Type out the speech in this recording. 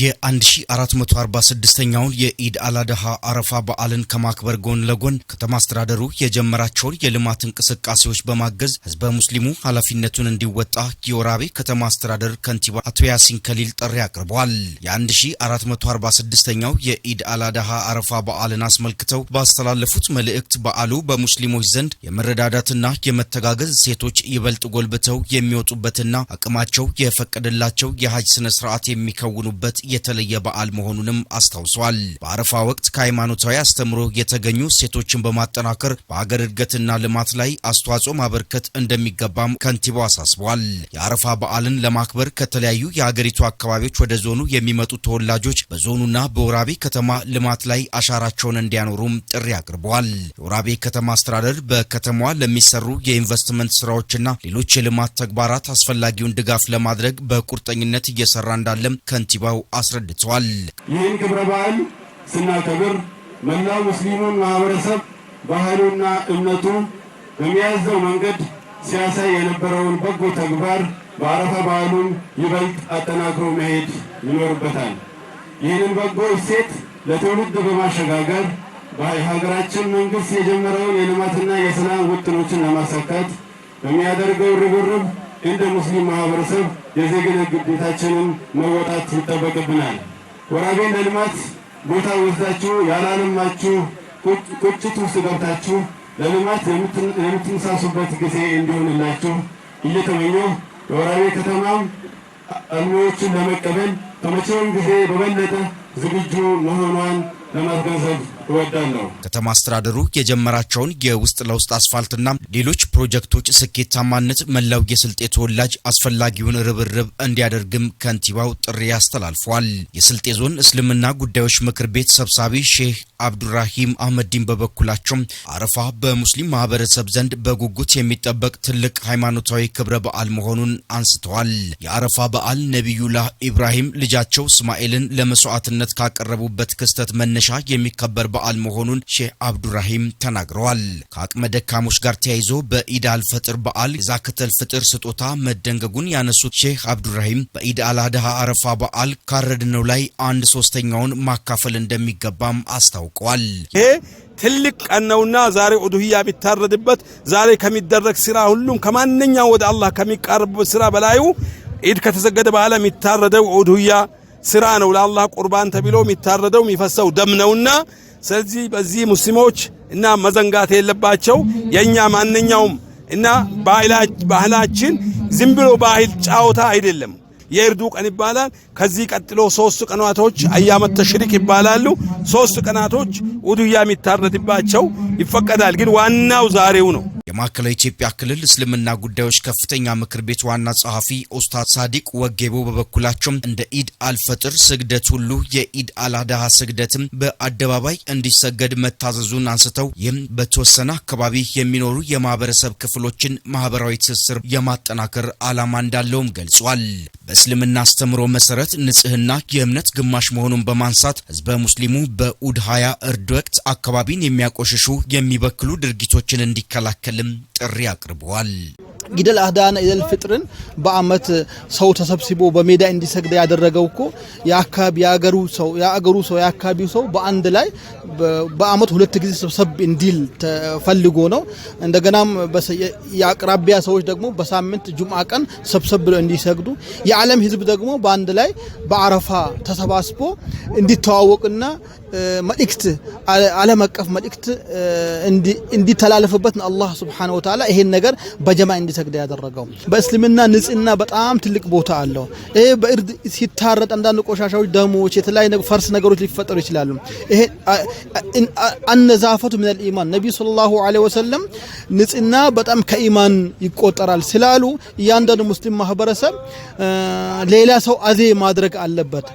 የ1446ኛውን የኢድ አላድሃ አረፋ በዓልን ከማክበር ጎን ለጎን ከተማ አስተዳደሩ የጀመራቸውን የልማት እንቅስቃሴዎች በማገዝ ህዝበ ሙስሊሙ ኃላፊነቱን እንዲወጣ የወራቤ ከተማ አስተዳደር ከንቲባ አቶ ያሲን ከሊል ጥሪ አቅርበዋል። የ1446ኛው የኢድ አላድሃ አረፋ በዓልን አስመልክተው ባስተላለፉት መልእክት በዓሉ በሙስሊሞች ዘንድ የመረዳዳትና የመተጋገዝ ሴቶች ይበልጥ ጎልብተው የሚወጡበትና አቅማቸው የፈቀደላቸው የሀጅ ስነ ስርዓት የሚከውኑበት ዓመት የተለየ በዓል መሆኑንም አስታውሷል። በአረፋ ወቅት ከሃይማኖታዊ አስተምሮ የተገኙ ሴቶችን በማጠናከር በሀገር እድገትና ልማት ላይ አስተዋጽኦ ማበርከት እንደሚገባም ከንቲባው አሳስበዋል። የአረፋ በዓልን ለማክበር ከተለያዩ የሀገሪቱ አካባቢዎች ወደ ዞኑ የሚመጡ ተወላጆች በዞኑና በወራቤ ከተማ ልማት ላይ አሻራቸውን እንዲያኖሩም ጥሪ አቅርበዋል። የወራቤ ከተማ አስተዳደር በከተማዋ ለሚሰሩ የኢንቨስትመንት ስራዎችና ሌሎች የልማት ተግባራት አስፈላጊውን ድጋፍ ለማድረግ በቁርጠኝነት እየሰራ እንዳለም ከንቲባው አስረድተዋል። ይህን ክብረ በዓል ስናከብር መላው ሙስሊሙን ማህበረሰብ ባህሉና እምነቱ በሚያዘው መንገድ ሲያሳይ የነበረውን በጎ ተግባር በአረፋ በዓሉን ይበልጥ አጠናክሮ መሄድ ይኖርበታል። ይህንን በጎ እሴት ለትውልድ በማሸጋገር በሀገራችን መንግስት የጀመረውን የልማትና የሰላም ውጥኖችን ለማሳካት በሚያደርገው ርብርብ እንደ ሙስሊም ማህበረሰብ የዜግነት ግዴታችንን መወጣት ይጠበቅብናል። ወራቤን ለልማት ቦታ ወስዳችሁ ያላለማችሁ ቁጭት ውስጥ ገብታችሁ ለልማት የምትንሳሱበት ጊዜ እንዲሆንላችሁ እየተመኘሁ የወራቤ ከተማም አልሚዎችን ለመቀበል ከመቼውም ጊዜ በበለጠ ዝግጁ መሆኗን ከተማ አስተዳደሩ የጀመራቸውን የውስጥ ለውስጥ አስፋልትና ሌሎች ፕሮጀክቶች ስኬታማነት መላው የስልጤ ተወላጅ አስፈላጊውን ርብርብ እንዲያደርግም ከንቲባው ጥሪ አስተላልፏል። የስልጤ ዞን እስልምና ጉዳዮች ምክር ቤት ሰብሳቢ ሼህ አብዱራሂም አህመዲን በበኩላቸው አረፋ በሙስሊም ማህበረሰብ ዘንድ በጉጉት የሚጠበቅ ትልቅ ሃይማኖታዊ ክብረ በዓል መሆኑን አንስተዋል። የአረፋ በዓል ነቢዩላህ ኢብራሂም ልጃቸው እስማኤልን ለመስዋዕትነት ካቀረቡበት ክስተት መነ መነሻ የሚከበር በዓል መሆኑን ሼህ አብዱራሂም ተናግረዋል። ከአቅመ ደካሞች ጋር ተያይዞ በኢድ አልፈጥር በዓል የዛከተል ፍጥር ስጦታ መደንገጉን ያነሱት ሼህ አብዱራሂም በኢድ አልአድሃ አረፋ በዓል ካረድነው ላይ አንድ ሶስተኛውን ማካፈል እንደሚገባም አስታውቀዋል። ትልቅ ቀን ነውና ዛሬ ኡዱህያ ቢታረድበት ዛሬ ከሚደረግ ስራ ሁሉም ከማንኛውም ወደ አላህ ከሚቃረብበት ስራ በላዩ ኢድ ከተሰገደ በኋላ የሚታረደው ኡዱህያ ስራ ነው። ለአላህ ቁርባን ተብሎ የሚታረደው የሚፈሰው ደም ነውና ስለዚህ በዚህ ሙስሊሞች እና መዘንጋት የለባቸው የኛ ማንኛውም እና ባህላችን ዝም ብሎ ባህል ጫወታ አይደለም። የእርዱ ቀን ይባላል። ከዚህ ቀጥሎ ሶስት ቀናቶች አያመ ተሽሪክ ይባላሉ። ሶስት ቀናቶች ውዱያ የሚታረድባቸው ይፈቀዳል። ግን ዋናው ዛሬው ነው። የማዕከላዊ ኢትዮጵያ ክልል እስልምና ጉዳዮች ከፍተኛ ምክር ቤት ዋና ጸሐፊ ኦስታድ ሳዲቅ ወጌቦ በበኩላቸው እንደ ኢድ አልፈጥር ስግደት ሁሉ የኢድ አልአድሃ ስግደትም በአደባባይ እንዲሰገድ መታዘዙን አንስተው ይህም በተወሰነ አካባቢ የሚኖሩ የማህበረሰብ ክፍሎችን ማህበራዊ ትስስር የማጠናከር ዓላማ እንዳለውም ገልጿል። በእስልምና አስተምሮ መሰረት ንጽህና የእምነት ግማሽ መሆኑን በማንሳት ህዝበ ሙስሊሙ በኡድ ሀያ እርድ ወቅት አካባቢን የሚያቆሽሹ የሚበክሉ ድርጊቶችን እንዲከላከልም ጥሪ አቅርበዋል። ኢደል አህዳና ኢደል ፍጥርን በአመት ሰው ተሰብስቦ በሜዳ እንዲሰግድ ያደረገው እኮ የአካባቢ የአገሩ ሰው የአገሩ ሰው የአካባቢው ሰው በአንድ ላይ በአመት ሁለት ጊዜ ሰብሰብ እንዲል ተፈልጎ ነው። እንደገናም የአቅራቢያ ሰዎች ደግሞ በሳምንት ጁምዓ ቀን ሰብሰብ ብለው እንዲሰግዱ፣ የዓለም ህዝብ ደግሞ በአንድ ላይ በአረፋ ተሰባስቦ እንዲተዋወቅና መልእክት ዓለም አቀፍ መልእክት እንዲተላለፍበት አላህ ስብሓነሁ ወተዓላ ይሄን ነገር በጀማ እንዲ እንዲሰግድ ያደረገው። በእስልምና ንጽህና በጣም ትልቅ ቦታ አለው። ይሄ በእርድ ሲታረጥ አንዳንድ ቆሻሻዎች፣ ደሞች፣ የተለያዩ ፈርስ ነገሮች ሊፈጠሩ ይችላሉ። ይሄ አነዛፈቱ ምን ልኢማን ነቢዩ ሰለላሁ ዐለይሂ ወሰለም ንጽህና በጣም ከኢማን ይቆጠራል ስላሉ እያንዳንዱ ሙስሊም ማህበረሰብ ሌላ ሰው አዜ ማድረግ አለበት።